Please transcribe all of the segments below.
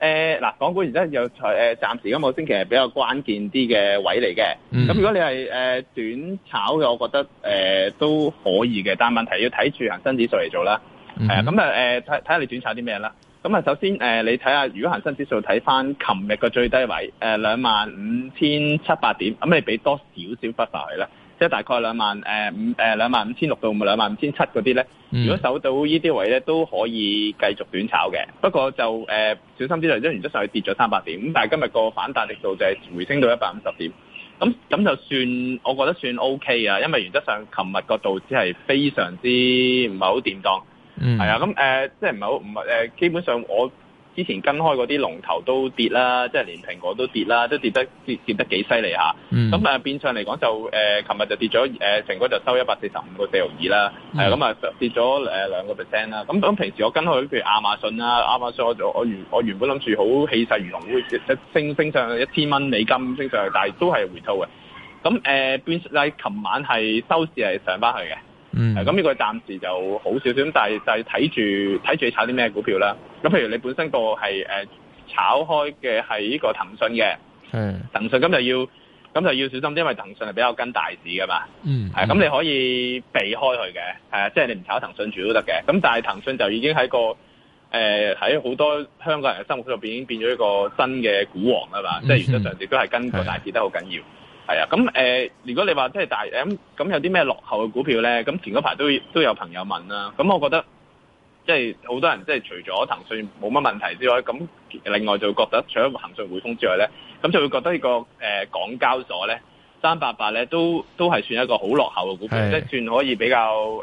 誒、呃、嗱，港股而家又誒、呃、暫時今個、呃、星期係比較關鍵啲嘅位嚟嘅，咁、mm -hmm. 如果你係誒、呃、短炒嘅，我覺得誒、呃、都可以嘅，但問題要睇住恒生指數嚟做啦，係、mm、啊 -hmm. 呃，咁啊誒睇睇下你短炒啲咩啦，咁啊首先誒、呃、你睇下如果恒生指數睇翻琴日個最低位誒兩萬五千七百點，咁你俾多少少幅落去啦。即係大概兩萬誒五誒兩萬五千六到兩萬五千七嗰啲咧，如果守到呢啲位咧，都可以繼續短炒嘅。不過就誒、呃、小心啲啦、就係，因為原則上係跌咗三百點，咁但係今日個反彈力度就係回升到一百五十點。咁咁就算我覺得算 O K 啊，因為原則上琴日個道指係非常之唔係好掂當，係、嗯、啊，咁、呃、誒即係唔係好唔係誒，基本上我。之前跟開嗰啲龍頭都跌啦，即係連蘋果都跌，跌，跌，跌、mm. 呃跌、呃、果啦，都、mm. 呃、跌得跌跌得幾犀利下。咁變相嚟講就誒，琴日就跌咗蘋果就收一百四十五個四毫二啦，咁啊跌咗兩個 percent 啦。咁咁平時我跟開，譬如亞馬遜啦，亞馬遜，亞馬遜我我原我原本諗住好氣勢如龍，一升升上一千蚊美金，升上去，但係都係回吐嘅。咁誒、呃、變，你琴晚係收市係上翻去嘅。嗯，咁呢個暫時就好少少，咁但係就係睇住睇住你炒啲咩股票啦。咁譬如你本身個係誒、呃、炒開嘅係呢個騰訊嘅，騰訊，咁就要咁就要小心啲，因為騰訊係比較跟大市噶嘛。嗯，係、嗯、咁、啊、你可以避開佢嘅、啊，即係你唔炒騰訊住都得嘅。咁但係騰訊就已經喺個誒喺好多香港人嘅生活入邊已經變咗一個新嘅股王啦嘛，即係原則上都係跟個大市得好緊要。係啊，咁誒、呃，如果你話即係大咁咁有啲咩落後嘅股票咧，咁前嗰排都都有朋友問啦、啊。咁我覺得即係好多人即係除咗騰訊冇乜問題之外，咁另外，就，外就會覺得除咗騰訊、匯豐之外咧，咁就會覺得呢個誒港交所咧三八八咧都都係算一個好落後嘅股票，即係算可以比較誒、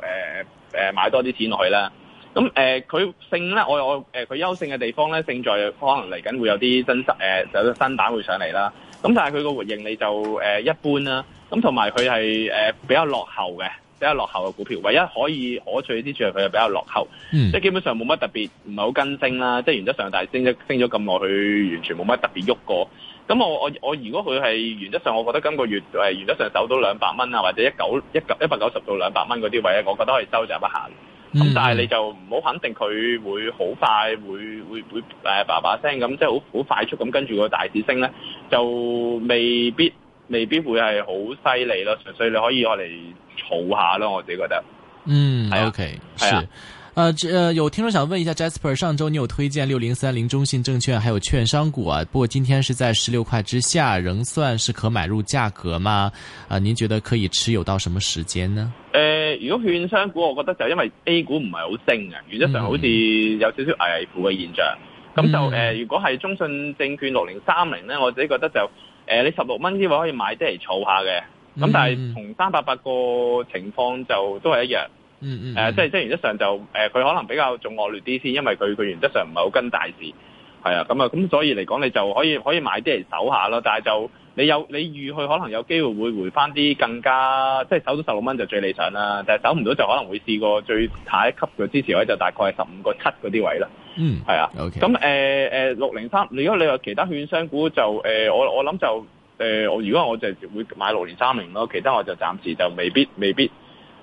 呃、買多啲錢落去啦。咁誒佢勝咧，我我佢、呃、優勝嘅地方咧，勝在可能嚟緊會有啲新實有啲新蛋會上嚟啦。咁但係佢個回應你就一般啦，咁同埋佢係比較落後嘅，比較落後嘅股票，唯一可以可取之處係佢係比較落後，嗯、即係基本上冇乜特別，唔係好跟升啦，即係原則上大，但係升升咗咁耐，佢完全冇乜特別喐過。咁我我我如果佢係原則上，我覺得今個月原則上走到兩百蚊啊，或者一九一一百九十到兩百蚊嗰啲位咧，我覺得可以收集一下。咁、嗯、但係你就唔好肯定佢會好快會會會誒吧吧聲咁，即係好好快速咁跟住個大市升咧，就未必未必會係好犀利咯。純粹你可以攞嚟儲下咯，我自己覺得。嗯，係 OK，係啊。是呃這有、呃、聽眾想問一下，Jasper，上周你有推薦六零三零中信證券，還有券商股啊？不過今天是在十六塊之下，仍算是可買入價格嘛？啊、呃，您覺得可以持有到什麼時間呢？誒、呃，如果券商股，我覺得就因為 A 股唔係好升啊，原則上好似有少少危危乎嘅現象。咁、嗯、就誒、呃嗯，如果係中信證券六零三零咧，我自己覺得就誒、呃，你十六蚊呢位可以買啲嚟儲下嘅。咁、嗯、但係同三百八個情況就都係一樣。嗯嗯，嗯嗯呃、即係即係原則上就誒佢、呃、可能比較仲惡劣啲先，因為佢佢原則上唔係好跟大市，係啊咁啊咁，所以嚟講你就可以可以買啲嚟守下咯，但係就你有你預佢可能有機會會回翻啲更加即係守到十六蚊就最理想啦，但係守唔到就可能會試過最下一級嘅支持位就大概係十五個七嗰啲位啦。嗯，係啊。O、okay. K、嗯。咁誒誒六零三，呃、603, 如果你話其他券商股就誒、呃、我我諗就我、呃、如果我就會會買六零三零咯，其他我就暫時就未必未必。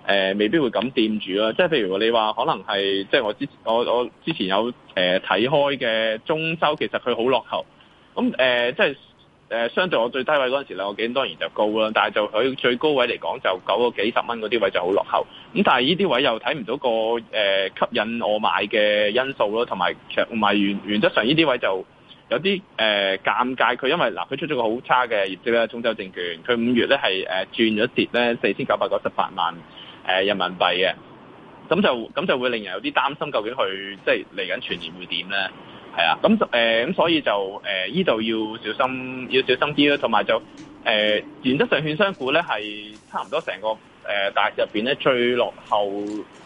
誒、呃、未必會咁掂住啦、啊，即係譬如你話可能係即係我之前我我之前有誒睇開嘅中州，其實佢好落後。咁、嗯、誒、呃、即係、呃、相對我最低位嗰陣時咧，我竟當然就高啦，但係就佢最高位嚟講，就九個幾十蚊嗰啲位就好落後。咁、嗯、但係呢啲位又睇唔到個誒、呃、吸引我買嘅因素咯，同埋原原則上呢啲位就有啲誒、呃、尷尬，佢因為嗱佢、呃、出咗個好差嘅業績啦，中州證券佢五月咧係誒轉咗跌咧四千九百九十八萬。誒人民幣嘅，咁就咁就會令人有啲擔心，究竟佢即係嚟緊全年會點咧？係啊，咁誒咁所以就誒依度要小心，要小心啲咯。同埋就誒、呃、原則上，券商股咧係差唔多成個誒、呃、大市入面咧最落後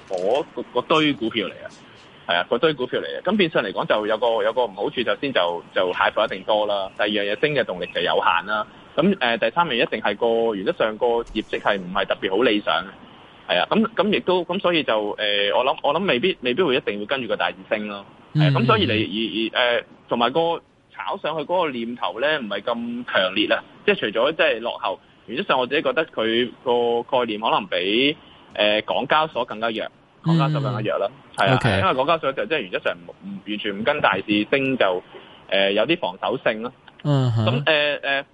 嗰堆股票嚟嘅，係啊，堆股票嚟嘅。咁變相嚟講就有個有個唔好處，就先就就蟹貨一定多啦。第二樣嘢升嘅動力就有限啦。咁、呃、第三樣一定係個原則上個業績係唔係特別好理想嘅。係啊，咁咁亦都咁，所以就、呃、我諗我諗未必未必會一定會跟住個大市升咯。咁、mm -hmm. 啊、所以你而而同埋個炒上去嗰個念頭咧，唔係咁強烈啦、啊。即係除咗即係落後，原則上我自己覺得佢個概念可能比、呃、港交所更加弱，港交所更加弱啦。係、mm -hmm. 啊，okay. 因為港交所就即係原則上唔唔完全唔跟大市升，就、呃、有啲防守性咯、啊。嗯、mm、咁 -hmm.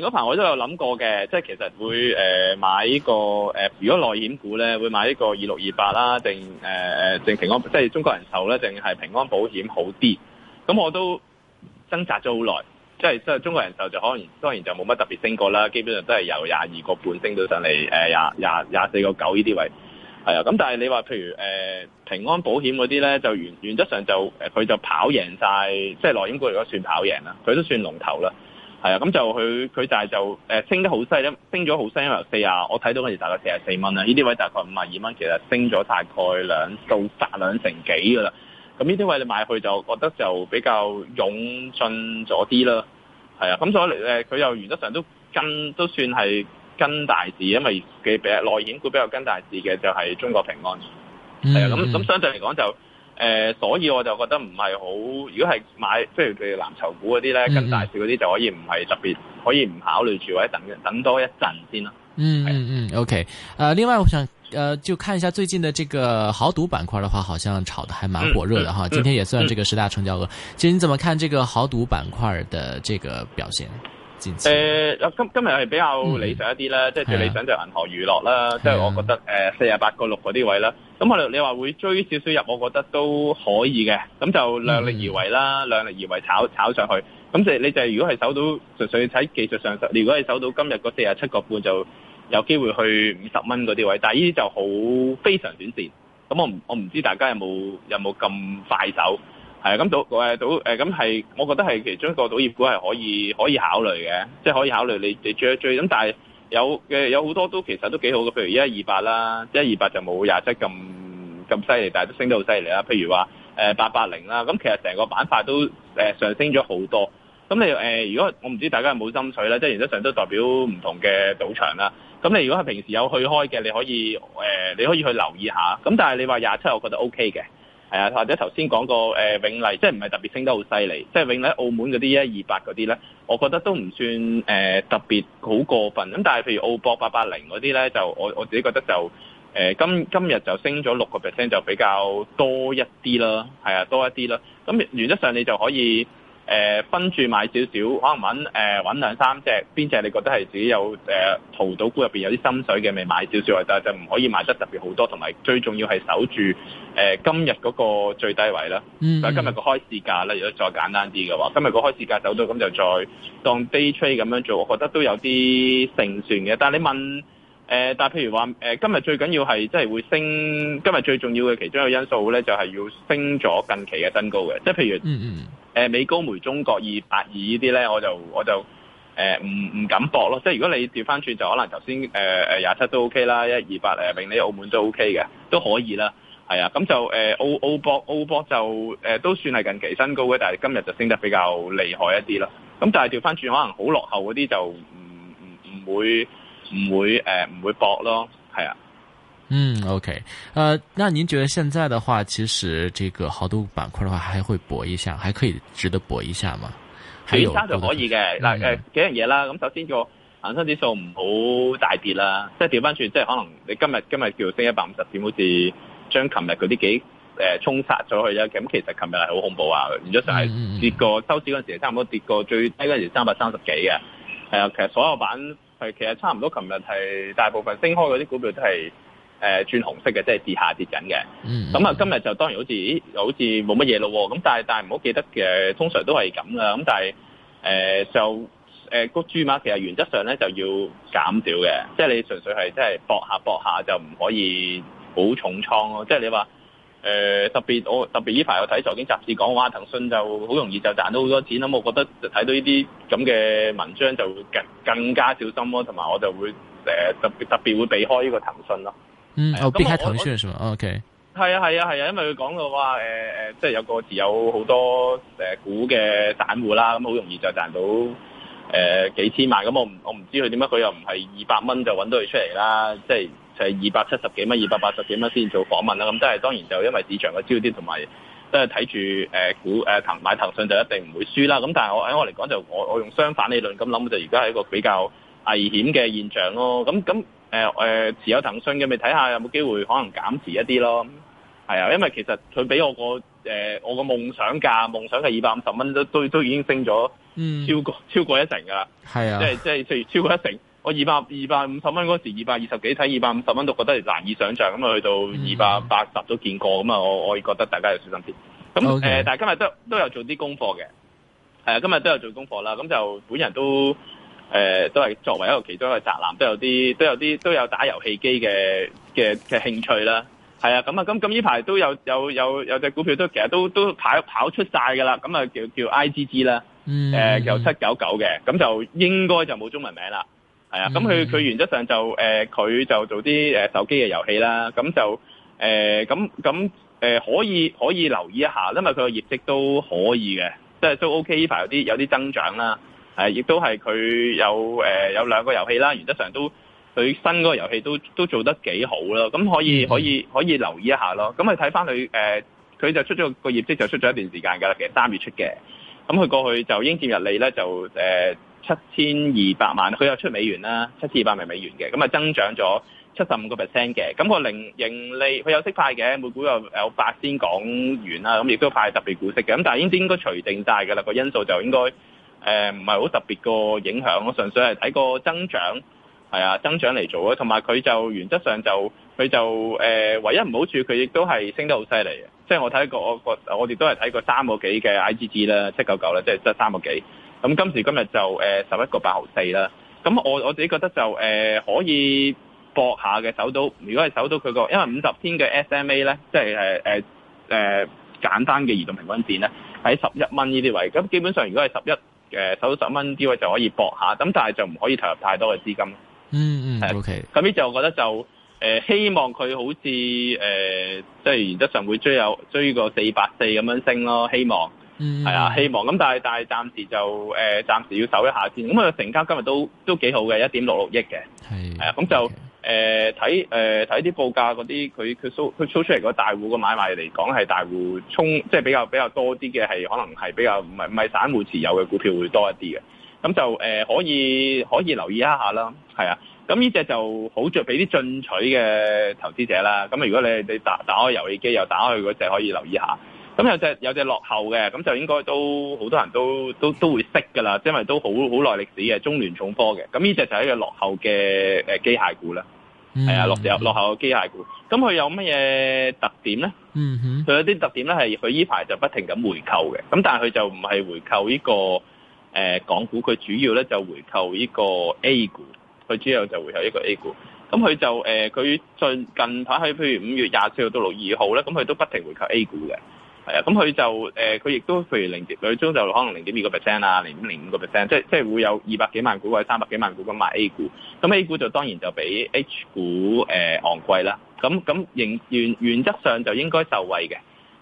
前排我都有諗過嘅，即係其實會誒、呃、買呢個誒、呃，如果內險股咧會買呢個二六二八啦，定誒誒、呃，定平安，即係中國人壽咧，定係平安保險好啲。咁我都掙扎咗好耐，即係即係中國人壽就可能當然就冇乜特別升過啦，基本上都係由廿二個半升到上嚟誒廿廿廿四個九呢啲位，係啊。咁但係你話譬如誒、呃、平安保險嗰啲咧，就原原則上就誒佢就跑贏晒，即係內險股如果算跑贏啦，佢都算龍頭啦。係啊，咁就佢佢但就誒升得好犀利。升咗好犀利，因為四啊，我睇到嗰時大概四十四蚊啦，呢啲位大概五十二蚊，其實升咗大概兩到賺兩成幾噶啦。咁呢啲位你買去就覺得就比較勇進咗啲啦。係啊，咁所以咧，佢又原則上都跟都算係跟大市。因為佢比內險股比較跟大市嘅就係中國平安。係、嗯、啊、嗯，咁咁相對嚟講就。誒、呃，所以我就覺得唔係好，如果係買，譬如藍籌股嗰啲呢跟大市嗰啲就可以唔係特別，可以唔考慮住，或者等等多一陣先咯。嗯嗯嗯，OK，誒、呃，另外我想，誒、呃，就看一下最近的這個濠賭板塊的話，好像炒得還蠻火熱的哈，嗯嗯、今天也算這個十大成交額、嗯嗯，其實你怎麼看這個濠賭板塊的這個表現？誒、呃，今今日係比較理想一啲啦、嗯，即係最理想就銀河娛樂啦，即係、啊就是、我覺得誒四廿八個六嗰啲位啦。咁我哋你話會追少少入，我覺得都可以嘅。咁就量力而為啦，嗯、量力而為炒炒上去。咁就你就係如果係守到，純粹睇技術上，你如果係守到今日嗰四廿七個半，就有機會去五十蚊嗰啲位。但係呢啲就好非常短線。咁我我唔知大家有冇有冇咁快手。係咁，賭誒賭誒咁係，我覺得係其中一個賭業股係可以可以考慮嘅，即係可以考慮你你追一追。咁但係有嘅有好多都其實都幾好嘅，譬如一二八啦，一二八就冇廿七咁咁犀利，但係都升得好犀利啦。譬如話八八零啦，咁其實成個板塊都上升咗好多。咁你、呃、如果我唔知大家有冇心水啦，即係原則上都代表唔同嘅賭場啦。咁你如果係平時有去開嘅，你可以、呃、你可以去留意下。咁但係你話廿七，我覺得 OK 嘅。係啊，或者頭先講過誒永利，即係唔係特別升得好犀利。即係永利澳門嗰啲一二八嗰啲咧，我覺得都唔算誒、呃、特別好過分。咁但係譬如澳博八八零嗰啲咧，就我我自己覺得就誒今、呃、今日就升咗六個 percent 就比較多一啲啦，係啊，多一啲啦。咁原則上你就可以。誒、呃、分住買少少，可能揾誒揾兩三隻，邊隻你覺得係自己有誒淘到股入邊有啲心水嘅，未買少少，或者就唔可以買得特別好多，同埋最重要係守住誒、呃、今日嗰個最低位啦。嗯、mm -hmm.，就係今日個開市價咧，如果再簡單啲嘅話，今日個開市價走到咁就再當 day trade 咁樣做，我覺得都有啲勝算嘅。但係你問？誒、呃，但譬如話，誒、呃、今日最緊要係，即係會升。今日最重要嘅其中一個因素咧，就係、是、要升咗近期嘅新高嘅。即係譬如，呃、美高梅中國二百二呢啲咧，我就我就誒唔唔敢搏咯。即係如果你調翻轉，就可能頭先誒誒廿七都 OK 啦，一二八誒永利澳門都 OK 嘅，都可以啦。係啊，咁就誒澳澳博澳博就誒、呃、都算係近期新高嘅，但係今日就升得比較厲害一啲啦。咁但係調翻轉，可能好落後嗰啲就唔唔唔會。唔會誒唔、呃、會搏咯，係啊。嗯，OK，誒、呃，那您覺得現在的話，其實這個好多板塊的話，還會搏一下，還可以值得搏一下嗎？尾生就可以嘅，嗱、嗯、誒、嗯呃、幾樣嘢啦。咁首先個恆生指數唔好大跌啦，即係調翻轉，即係可能你今日今日叫升一百五十點，好似將琴日嗰啲幾誒、呃、沖刷咗去啊。咁其實琴日係好恐怖啊，原則上係跌過，嗯、收市嗰陣時差唔多跌過最低嗰時三百三十幾嘅。係、呃、啊，其實所有板。係，其實差唔多。琴日係大部分升開嗰啲股票都係誒、呃、轉紅色嘅，即、就、係、是、跌下跌緊嘅。咁、mm、啊 -hmm. 嗯嗯嗯嗯，今日就當然好似咦，好似冇乜嘢咯。咁但係但係唔好記得嘅，通常都係咁啦。咁但係誒、呃、就誒個、呃、注碼其實原則上咧就要減少嘅，即、就、係、是、你純粹係即係搏下搏下就唔可以好重倉咯。即、就、係、是、你話。誒、呃、特別我、哦、特別呢排我睇財經雜誌講話騰訊就好容易就賺到好多錢咁，我覺得睇到呢啲咁嘅文章就更更加小心咯，同埋我就會、呃、特別特別會避開呢個騰訊咯。嗯，嗯哦嗯哦、我避開騰訊係嘛？OK，係啊係啊係啊，啊，因為佢講到話、呃、即係有個持有好多誒股嘅散戶啦，咁、嗯、好容易就賺到誒、呃、幾千萬咁、嗯，我唔我唔知佢點解，佢又唔係二百蚊就揾到佢出嚟啦，即係。就係二百七十幾蚊、二百八十幾蚊先做訪問啦。咁即係當然就因為市場嘅焦點同埋即係睇住誒股誒騰買騰訊就一定唔會輸啦。咁但係我喺我嚟講就我我用相反理論咁諗就而家係一個比較危險嘅現象咯。咁咁誒誒持有騰訊嘅咪睇下有冇機會可能減持一啲咯。係啊，因為其實佢俾我個誒、呃、我個夢想價，夢想係二百五十蚊都都都已經升咗超過、嗯、超過一成㗎啦。係啊即，即係即係即係超過一成。我二百二百五十蚊嗰時，二百二十幾睇二百五十蚊都覺得難以想象。咁啊，去到二百八十都見過咁啊、嗯，我我覺得大家要小心啲。咁誒，但、okay. 係、呃、今日都都有做啲功課嘅，誒、啊，今日都有做功課啦。咁就本人都誒、呃、都係作為一個其中一個宅男，都有啲都有啲都有打遊戲機嘅嘅嘅興趣啦。係啊，咁啊，咁咁呢排都有有有有，有隻股票都其實都都跑跑出晒㗎啦。咁啊，叫叫 I G G 啦，誒、呃，有七九九嘅，咁、嗯嗯、就應該就冇中文名啦。係啊，咁佢佢原則上就誒，佢、呃、就做啲誒手機嘅遊戲啦，咁就誒咁咁誒可以可以留意一下，因為佢個業績都可以嘅，即係都 OK 依排有啲有啲增長啦，亦都係佢有誒、呃、有兩個遊戲啦，原則上都佢新嗰個遊戲都都做得幾好咯，咁可以可以可以留意一下咯。咁佢睇翻佢誒，佢、呃、就出咗個業績就出咗一段時間㗎啦，其實三月出嘅，咁佢過去就英接日利咧就誒。呃七千二百萬，佢又出美元啦，七千二百萬美元嘅，咁啊增長咗七十五個 percent 嘅，咁個盈盈利佢有息派嘅，每股有有八仙港元啦，咁亦都派特別股息嘅，咁但係呢啲應該除定曬嘅啦，個因素就應該誒唔係好特別個影響，我純粹係睇個增長係啊增長嚟做啊，同埋佢就原則上就佢就誒、呃、唯一唔好處，佢亦都係升得好犀利嘅，即係我睇過我，我個我哋都係睇過三個幾嘅 IGG 啦，七九九啦，即係得三個幾。咁今時今日就誒十一個八毫四啦。咁、呃、我我自己覺得就誒、呃、可以搏下嘅，守到如果係守到佢個，因為五十天嘅 SMA 咧，即係誒誒誒簡單嘅移動平均線咧，喺十一蚊呢啲位。咁基本上如果係十一誒守到十蚊啲位就可以搏下。咁但係就唔可以投入太多嘅資金。嗯嗯。係 OK。啊。咁呢就我覺得就、呃、希望佢好似誒即係原則上會追有追個四百四咁樣升咯，希望。嗯，係啊，希望咁，但係但係暫時就誒，暫時要守一下先。咁啊，成交今日都都幾好嘅，一點六六億嘅。係，係啊，咁就誒睇誒睇啲報價嗰啲，佢佢搜佢搜出嚟嗰大戶個買賣嚟講，係大戶衝，即係比較比較多啲嘅，係可能係比較唔係唔係散戶持有嘅股票會多一啲嘅。咁就誒可以可以留意一下啦。係啊，咁呢隻就好着俾啲進取嘅投資者啦。咁啊，如果你你打打開遊戲機又打開佢嗰隻，可以留意下。咁有隻有隻落後嘅，咁就應該都好多人都都都會識㗎啦，因為都好好耐歷史嘅中聯重科嘅。咁呢隻就係一個落後嘅誒機械股啦，係、嗯、啊，落後落後嘅機械股。咁佢有乜嘢特點咧？嗯，佢有啲特點咧，係佢依排就不停咁回購嘅。咁但係佢就唔係回購呢、這個誒、呃、港股，佢主要咧就回購呢個 A 股，佢主要就回購一個 A 股。咁佢就誒佢、呃、最近排喺譬如五月廿四號到六二號咧，咁佢都不停回購 A 股嘅。係啊，咁佢就誒，佢、呃、亦都譬如零點，女中就可能零點二個 percent 啊，零點零五個 percent，即係即係會有二百幾萬股或者三百幾萬股咁賣 A 股，咁 A 股就當然就比 H 股誒、呃、昂貴啦。咁咁仍原原則上就應該受惠嘅，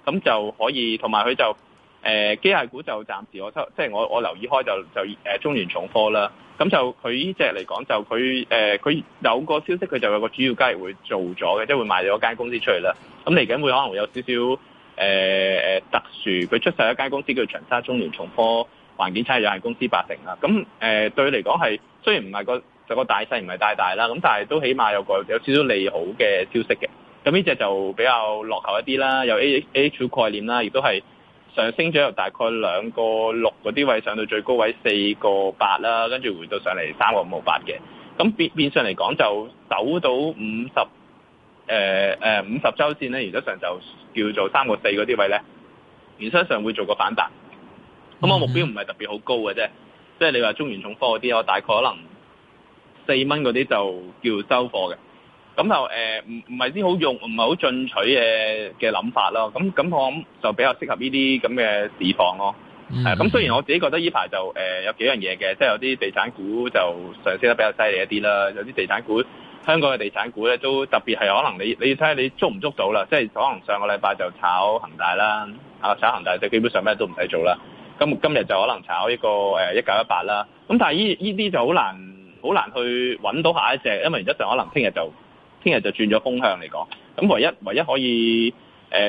咁就可以同埋佢就誒、呃、機械股就暫時我收，即係我我留意開就就中聯重科啦。咁就佢呢隻嚟講就佢誒佢有個消息，佢就有個主要交易會做咗嘅，即、就、係、是、會賣咗間公司出去啦。咁嚟緊會可能會有少少。誒、呃、特殊，佢出售一間公司叫做長沙中聯重科環境產業有限公司八成啦，咁、呃、誒對嚟講係雖然唔係個就、這個、大細，唔係太大啦，咁但係都起碼有個有少少利好嘅消息嘅，咁呢隻就比較落後一啲啦，有 A H 概念啦，亦都係上升咗由大概兩個六嗰啲位上到最高位四個八啦，跟住回到上嚟三個五毫八嘅，咁變變相嚟講就走到五十。誒誒五十周線咧，原則上就叫做三個四嗰啲位咧，原則上會做個反彈。咁我目標唔係特別好高嘅啫，mm -hmm. 即係你話中原重科嗰啲，我大概可能四蚊嗰啲就叫收貨嘅。咁就誒，唔唔係啲好用，唔係好進取嘅嘅諗法咯。咁咁我諗就比較適合呢啲咁嘅市況咯。係啊，咁、mm -hmm. 雖然我自己覺得呢排就，呃、有幾樣嘢嘅，即係有啲地產股就上升得比較犀利一啲啦，有啲地產股。香港嘅地產股咧，都特別係可能你你睇你捉唔捉到啦，即係可能上個禮拜就炒恒大啦，啊炒恒大就基本上咩都唔使做啦。今今日就可能炒呢個誒一九一八啦。咁但係依依啲就好難好難去揾到下一隻，因為原則就可能聽日就聽日就轉咗風向嚟講。咁唯一唯一可以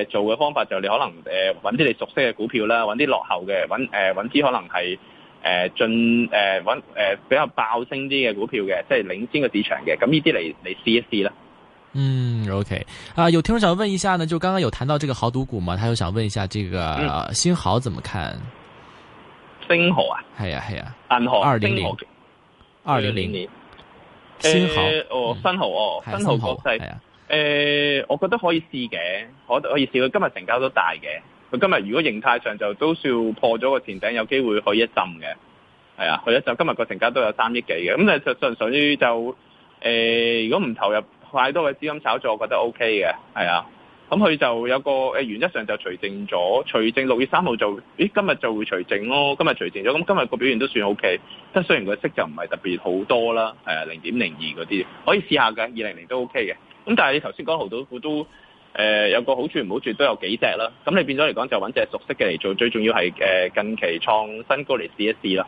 誒做嘅方法就係你可能誒揾啲你熟悉嘅股票啦，揾啲落後嘅揾誒揾啲可能係。誒、呃，進誒，搵、呃、誒、呃，比較爆升啲嘅股票嘅，即、就、係、是、領先個市場嘅，咁呢啲嚟嚟試一試啦。嗯，OK。啊，有聽友想問一下呢，就剛剛有談到這個豪賭股嘛，他又想問一下，這個、嗯、星豪怎麼看？星豪啊？係啊，係啊。銀、啊、行二零零二零零年。星豪哦，新、嗯、豪哦，新濠國際。誒、哎呃，我覺得可以試嘅，可可以試。佢今日成交都大嘅。今日如果形態上就都算破咗個前頂，有機會可以一浸嘅，係啊，去一浸。今日個成交都有三億幾嘅，咁就純粹就誒、欸，如果唔投入太多嘅資金炒作，我覺得 O K 嘅，係啊。咁佢就有一個原則上就除淨咗，除淨六月三號就，咦，今日就會除淨咯。今日除淨咗，咁今日個表現都算 O K，即係雖然個息就唔係特別好多啦，係啊，零點零二嗰啲，可以試下嘅，二零零都 O K 嘅。咁但係你頭先講豪宅股都。誒、呃、有個好處唔好處都有幾隻啦，咁你變咗嚟講就揾隻熟悉嘅嚟做，最重要係誒近期創新高嚟試一試啦。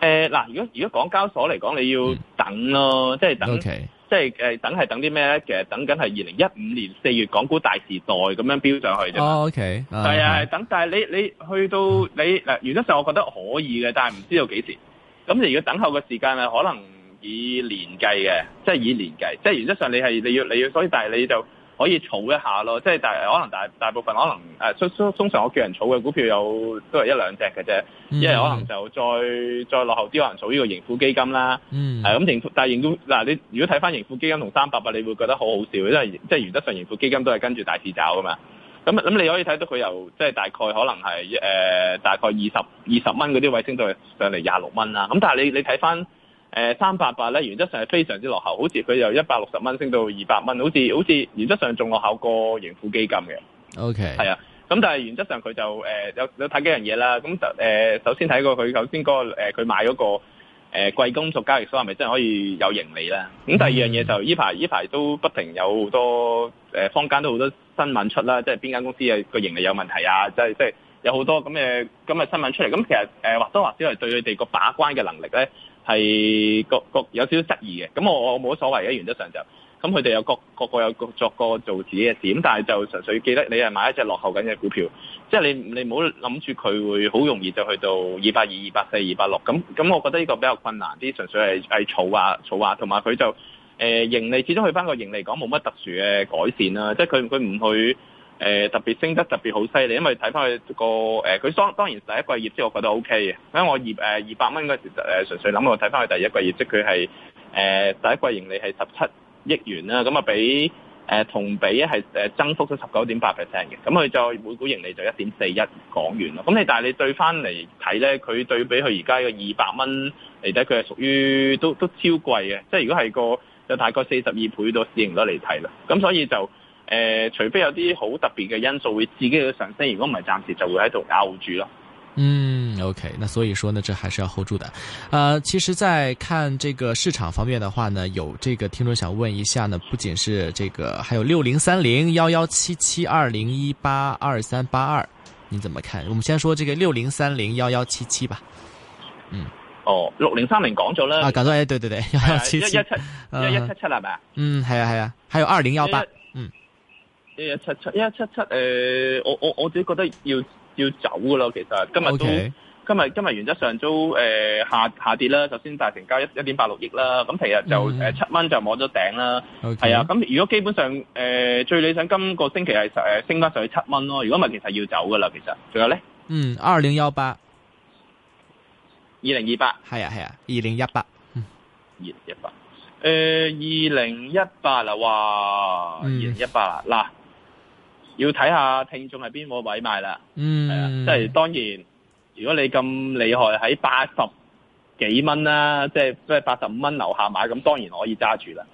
誒，嗱，如果如果港交所嚟講，你要等咯，即係等，即係誒等係等啲咩咧？其實等緊係二零一五年四月港股大時代咁樣飆上去啫。哦，OK，係啊，係等，但係你你去到你嗱，原則上我覺得可以嘅，但係唔知道幾時。咁你如果等候嘅時間係可能以年計嘅，即係以年計，即係原則上你係你要你要，所以但係你就。可以儲一下咯，即係可能大大部分可能誒，通常我叫人儲嘅股票有都係一兩隻嘅啫、嗯，因為可能就再再落後啲可能儲呢個盈富基金啦，咁、嗯、盈但係盈嗱你如果睇翻盈富基金同三百八，你會覺得好好笑，因為即係原則上盈富基金都係跟住大市走噶嘛，咁咁你可以睇到佢由即係大概可能係誒、呃、大概二十二十蚊嗰啲位升到上嚟廿六蚊啦，咁但係你你睇翻。誒、呃、三百八咧，原則上係非常之落後，好似佢由一百六十蚊升到二百蚊，好似好似原則上仲落後過盈富基金嘅。O K. 係啊，咁但係原則上佢就誒、呃、有有睇幾樣嘢啦。咁誒、呃、首先睇過佢頭先嗰個佢、呃、買嗰個誒、呃、貴金屬交易所係咪真係可以有盈利咧？咁、嗯、第二樣嘢就呢排呢排都不停有好多誒、呃、坊間都好多新聞出啦，即係邊間公司嘅個盈利有問題啊，即係即係有好多咁嘅咁嘅新聞出嚟。咁其實或多或少係對佢哋個把關嘅能力咧。係各各有少少質疑嘅，咁我我冇乜所謂嘅，原則上就咁佢哋有各各個有個作個做自己嘅事，咁但係就純粹記得你係買一隻落後緊嘅股票，即係你你唔好諗住佢會好容易就去到二百二、二百四、二百六，咁咁我覺得呢個比較困難啲，純粹係係炒話炒話，同埋佢就誒盈利，始終去翻個盈利講冇乜特殊嘅改善啦，即係佢佢唔去。誒、呃、特別升得特別好犀利，因為睇翻佢個誒，佢、呃、當然第一季業績，我覺得 O K 嘅。因為我二誒二百蚊嗰時，誒純粹諗我睇翻佢第一季業績，佢係誒第一季盈利係十七億元啦，咁啊比誒、呃、同比係增幅咗十九點八 percent 嘅。咁佢再每股盈利就一點四一港元啦，咁你但係你對翻嚟睇咧，佢對比佢而家嘅二百蚊嚟睇，佢係屬於都都超貴嘅，即係如果係個有大概四十二倍到市盈率嚟睇啦。咁所以就。呃、除非有啲好特別嘅因素會自己去上升，如果唔係，暫時就會喺度咬住咯。嗯，OK，那所以說呢，這還是要 hold 住的。呃其實，在看這個市場方面的話呢，有這個聽眾想問一下呢，不僅是這個，還有六零三零幺幺七七二零一八二三八二，你怎麼看？我們先說這個六零三零幺幺七七吧。嗯，哦，六零三零講咗啦，啊，講咗，誒，對對對，幺幺七七幺幺七七係咪？嗯，係啊係啊，還有二零幺八，嗯。一七七一一七七誒、呃，我我我自己覺得要要走噶咯，其實今日都、okay. 今日今日原則上都誒、呃、下下跌啦。首先大成交一一點八六億啦，咁其實就誒、mm -hmm. 呃、七蚊就摸咗頂啦。係、okay. 啊，咁如果基本上誒、呃、最理想今個星期係誒升翻上去七蚊咯。如果唔係，其實要走噶啦，其實。仲有咧？嗯、mm, yeah, yeah, mm. 呃，二零一八，二零二八，係啊係啊，二零一八，二零一八，誒，二零一八啦，哇，二零一八嗱。Mm -hmm. 要睇下聽眾係邊個位買啦，嗯，係啊，即係當然，如果你咁厲害喺八十幾蚊啦，即係即係八十五蚊樓下買，咁當然我可以揸住啦。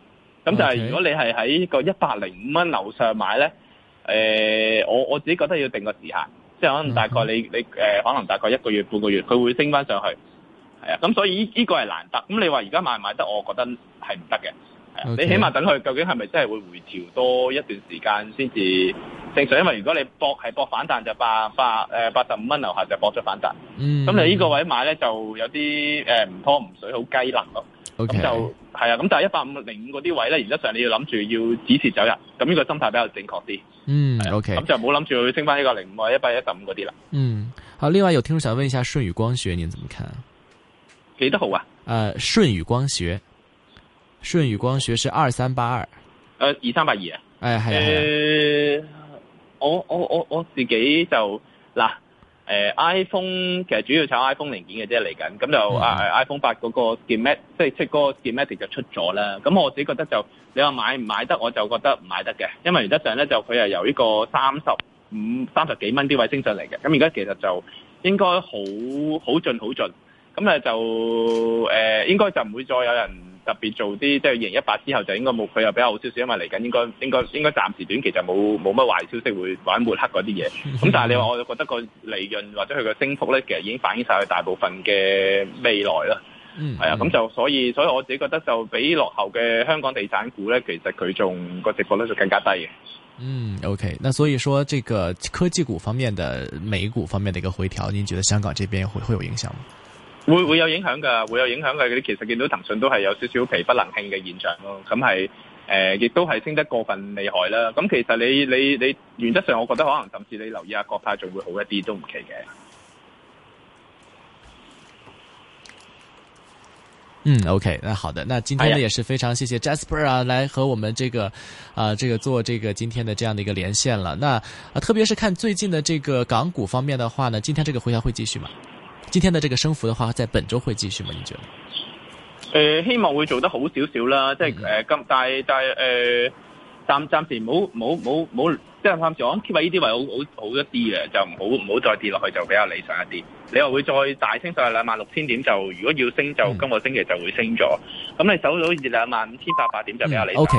咁就係如果你係喺個一百零五蚊樓上買咧、呃，我我自己覺得要定個時限，即係可能大概你你、呃、可能大概一個月半個月，佢會升翻上去，係啊。咁所以呢個係難得，咁你話而家買唔買得，我覺得係唔得嘅。Okay. 你起碼等佢究竟係咪真係會回調多一段時間先至正常？因為如果你博係博反彈，就八八誒八十五蚊樓下就博咗反彈，咁、嗯、你呢個位買咧就有啲誒唔拖唔水，好雞肋咯。咁、okay. 就係啊，咁但係一百五零五嗰啲位咧，原則上你要諗住要止蝕走人，咁呢個心態比較正確啲。嗯，OK，咁、啊、就唔好諗住升翻呢個零五啊一百一十五嗰啲啦。嗯，好，另外有聽眾想問一下舜宇光學，您怎麼看？幾多號啊？誒、呃，舜宇光學。舜宇光學是二三八二，誒二三八二啊？誒、哎，係啊，係、呃、誒，我我我我自己就嗱，誒、呃、iPhone 其實主要炒 iPhone 零件嘅啫，嚟緊咁就，是就嗯啊、iPhone 八嗰個鍵麥，即係即係嗰個鍵麥就出咗啦。咁我自己覺得就你話買唔買得，我就覺得唔買得嘅，因為原則上咧就佢係由呢個三十五三十幾蚊啲位升上嚟嘅。咁而家其實就應該好好盡好盡，咁咧就誒、呃、應該就唔會再有人。特別做啲即係二零一八、就是、之後就應該冇，佢又比較好消息，因為嚟緊應該應該應該暫時短期就冇冇乜壞消息會玩抹黑嗰啲嘢。咁但係你話我覺得個利潤或者佢個升幅咧，其實已經反映晒佢大部分嘅未來啦。係、嗯、啊，咁就所以所以我自己覺得就比落後嘅香港地產股咧，其實佢仲個值博率就更加低嘅。嗯，OK。那所以說，這個科技股方面的美股方面嘅一個回調，你覺得香港這邊會會有影響嗎？會會有影響噶會有影響嘅，其實見到騰訊都係有少少疲不能興嘅現象咯。咁係，誒、呃，亦都係升得過分厲害啦。咁其實你你你，原則上我覺得可能甚至你留意下國泰仲會好一啲，都唔奇嘅。嗯，OK，那好的，那今天呢也是非常謝謝 Jasper 啊，哎、來和我們這個，啊、呃，這個做這個今天的這樣的一個連線了。那啊，特別是看最近的這個港股方面的話呢，今天這個回調會繼續嗎？今天的這個升幅的話，在本周會繼續嗎？你覺得？誒、嗯，希望會做得好少少啦，即係誒今，但係但係誒暫暫時唔好唔好即係暫時我諗 keep 喺呢啲位好好好一啲嘅，就唔好唔好再跌落去就比較理想一啲。你又會再大升上去兩萬六千點，就如果要升就今個星期就會升咗。咁你走到兩萬五千八百點就比較理想。OK。